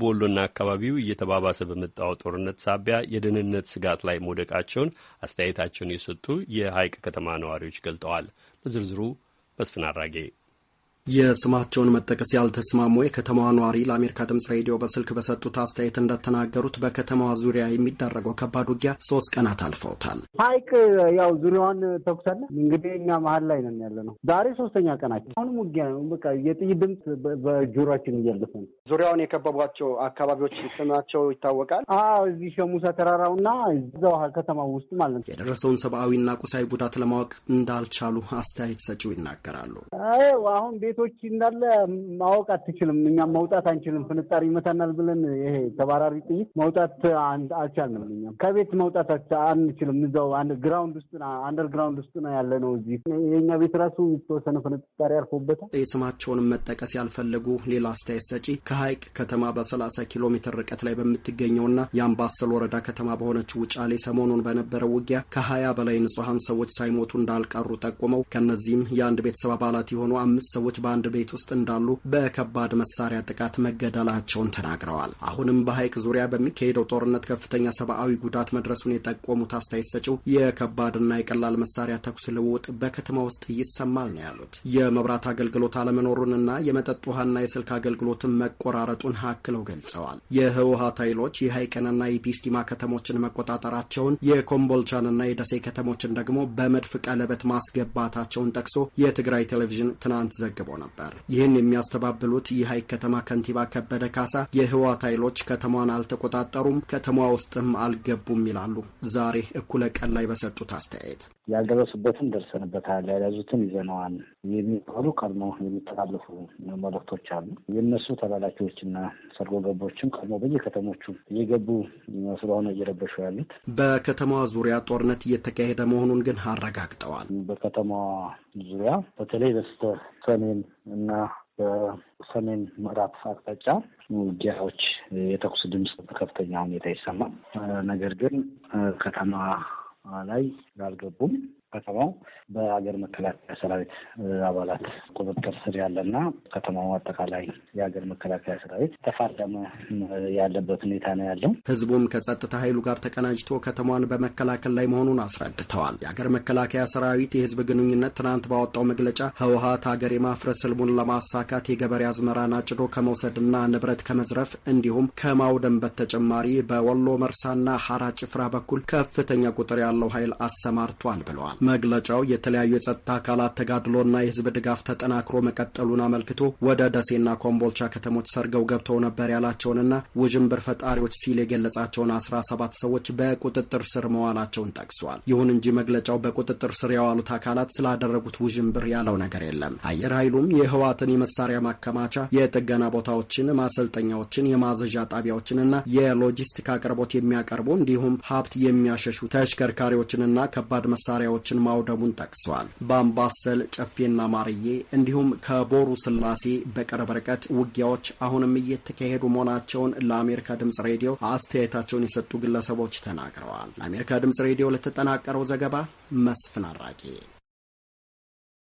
በወሎና አካባቢው እየተባባሰ በመጣው ጦርነት ሳቢያ የደህንነት ስጋት ላይ መውደቃቸውን አስተያየታቸውን የሰጡ የሀይቅ ከተማ ነዋሪዎች ገልጠዋል። ለዝርዝሩ መስፍን አራጌ የስማቸውን መጠቀስ ያልተስማሙ የከተማዋ ነዋሪ ለአሜሪካ ድምጽ ሬዲዮ በስልክ በሰጡት አስተያየት እንደተናገሩት በከተማዋ ዙሪያ የሚደረገው ከባድ ውጊያ ሶስት ቀናት አልፈውታል። ሀይቅ ያው ዙሪያዋን ተኩሳለ። እንግዲህ እኛ መሀል ላይ ነን ያለ ነው። ዛሬ ሶስተኛ ቀናችን አሁንም ውጊያ ነው። በቃ የጥይት ድምፅ በጆሯችን እያለፈ ነው። ዙሪያውን የከበቧቸው አካባቢዎች ስማቸው ይታወቃል። አዎ እዚህ ሸሙሳ ተራራውና እዛው ከተማ ውስጥ ማለት ነው። የደረሰውን ሰብአዊና ቁሳዊ ጉዳት ለማወቅ እንዳልቻሉ አስተያየት ሰጪው ይናገራሉ። አሁን ቤት ቤቶች እንዳለ ማወቅ አትችልም። እኛም መውጣት አንችልም። ፍንጣሪ ይመታናል ብለን ይሄ ተባራሪ ጥይት መውጣት አልቻልንም። እኛም ከቤት መውጣት አንችልም። እዛው ግራውንድ ውስጥ አንደርግራውንድ ውስጥ ነው ያለ ነው። እዚህ የእኛ ቤት ራሱ የተወሰነ ፍንጣሪ አርፎበታል። የስማቸውንም መጠቀስ ያልፈለጉ ሌላ አስተያየት ሰጪ ከሀይቅ ከተማ በሰላሳ ኪሎ ሜትር ርቀት ላይ በምትገኘውና የአምባሰል ወረዳ ከተማ በሆነችው ውጫሌ ሰሞኑን በነበረው ውጊያ ከሀያ በላይ ንጹሐን ሰዎች ሳይሞቱ እንዳልቀሩ ጠቁመው ከእነዚህም የአንድ ቤተሰብ አባላት የሆኑ አምስት ሰዎች በአንድ ቤት ውስጥ እንዳሉ በከባድ መሳሪያ ጥቃት መገደላቸውን ተናግረዋል። አሁንም በሐይቅ ዙሪያ በሚካሄደው ጦርነት ከፍተኛ ሰብአዊ ጉዳት መድረሱን የጠቆሙት አስተያየት ሰጪው የከባድና የቀላል መሳሪያ ተኩስ ልውውጥ በከተማ ውስጥ ይሰማል ነው ያሉት። የመብራት አገልግሎት አለመኖሩንና የመጠጥ ውሃና የስልክ አገልግሎትን መቆራረጡን አክለው ገልጸዋል። የህወሀት ኃይሎች የሐይቅንና የቢስቲማ ከተሞችን መቆጣጠራቸውን የኮምቦልቻንና የደሴ ከተሞችን ደግሞ በመድፍ ቀለበት ማስገባታቸውን ጠቅሶ የትግራይ ቴሌቪዥን ትናንት ዘግቧል። ነበር። ይህን የሚያስተባብሉት የሀይቅ ከተማ ከንቲባ ከበደ ካሳ የህወሓት ኃይሎች ከተማዋን አልተቆጣጠሩም፣ ከተማዋ ውስጥም አልገቡም ይላሉ። ዛሬ እኩለ ቀን ላይ በሰጡት አስተያየት ያልደረሱበትን ደርሰንበታል፣ ያልያዙትን ይዘነዋል የሚባሉ ቀድሞ የሚተላለፉ መልእክቶች አሉ። የእነሱ ተላላኪዎችና ሰርጎ ገቦችም ቀድሞ በየከተሞቹ እየገቡ ስለሆነ እየረበሹ ያሉት በከተማዋ ዙሪያ ጦርነት እየተካሄደ መሆኑን ግን አረጋግጠዋል። በከተማዋ ዙሪያ በተለይ በስተ ሰሜን በክልል እና በሰሜን ምዕራብ አቅጣጫ ውጊያዎች የተኩስ ድምፅ በከፍተኛ ሁኔታ ይሰማል። ነገር ግን ከተማ ላይ አልገቡም። ከተማው በሀገር መከላከያ ሰራዊት አባላት ቁጥጥር ስር ያለና ከተማው አጠቃላይ የሀገር መከላከያ ሰራዊት ተፋለመ ያለበት ሁኔታ ነው ያለው። ህዝቡም ከጸጥታ ኃይሉ ጋር ተቀናጅቶ ከተማዋን በመከላከል ላይ መሆኑን አስረድተዋል። የሀገር መከላከያ ሰራዊት የህዝብ ግንኙነት ትናንት ባወጣው መግለጫ ህወሀት ሀገር የማፍረስ ህልሙን ለማሳካት የገበሬ አዝመራን አጭዶ ከመውሰድና ንብረት ከመዝረፍ እንዲሁም ከማውደም በተጨማሪ በወሎ መርሳና ሀራ ጭፍራ በኩል ከፍተኛ ቁጥር ያለው ኃይል አሰማርቷል ብለዋል። መግለጫው የተለያዩ የጸጥታ አካላት ተጋድሎና የህዝብ ድጋፍ ተጠናክሮ መቀጠሉን አመልክቶ ወደ ደሴና ኮምቦልቻ ከተሞች ሰርገው ገብተው ነበር ያላቸውንና ውዥንብር ፈጣሪዎች ሲል የገለጻቸውን አስራ ሰባት ሰዎች በቁጥጥር ስር መዋላቸውን ጠቅሷል። ይሁን እንጂ መግለጫው በቁጥጥር ስር የዋሉት አካላት ስላደረጉት ውዥንብር ያለው ነገር የለም። አየር ኃይሉም የህዋትን የመሳሪያ ማከማቻ፣ የጥገና ቦታዎችን፣ ማሰልጠኛዎችን፣ የማዘዣ ጣቢያዎችንና የሎጂስቲክ አቅርቦት የሚያቀርቡ እንዲሁም ሀብት የሚያሸሹ ተሽከርካሪዎችንና ከባድ መሳሪያዎች መንደሮችን ማውደሙን ጠቅሷል። በአምባሰል ጨፌና ማርዬ እንዲሁም ከቦሩ ስላሴ በቅርብ ርቀት ውጊያዎች አሁንም እየተካሄዱ መሆናቸውን ለአሜሪካ ድምጽ ሬዲዮ አስተያየታቸውን የሰጡ ግለሰቦች ተናግረዋል። ለአሜሪካ ድምጽ ሬዲዮ ለተጠናቀረው ዘገባ መስፍን አራቂ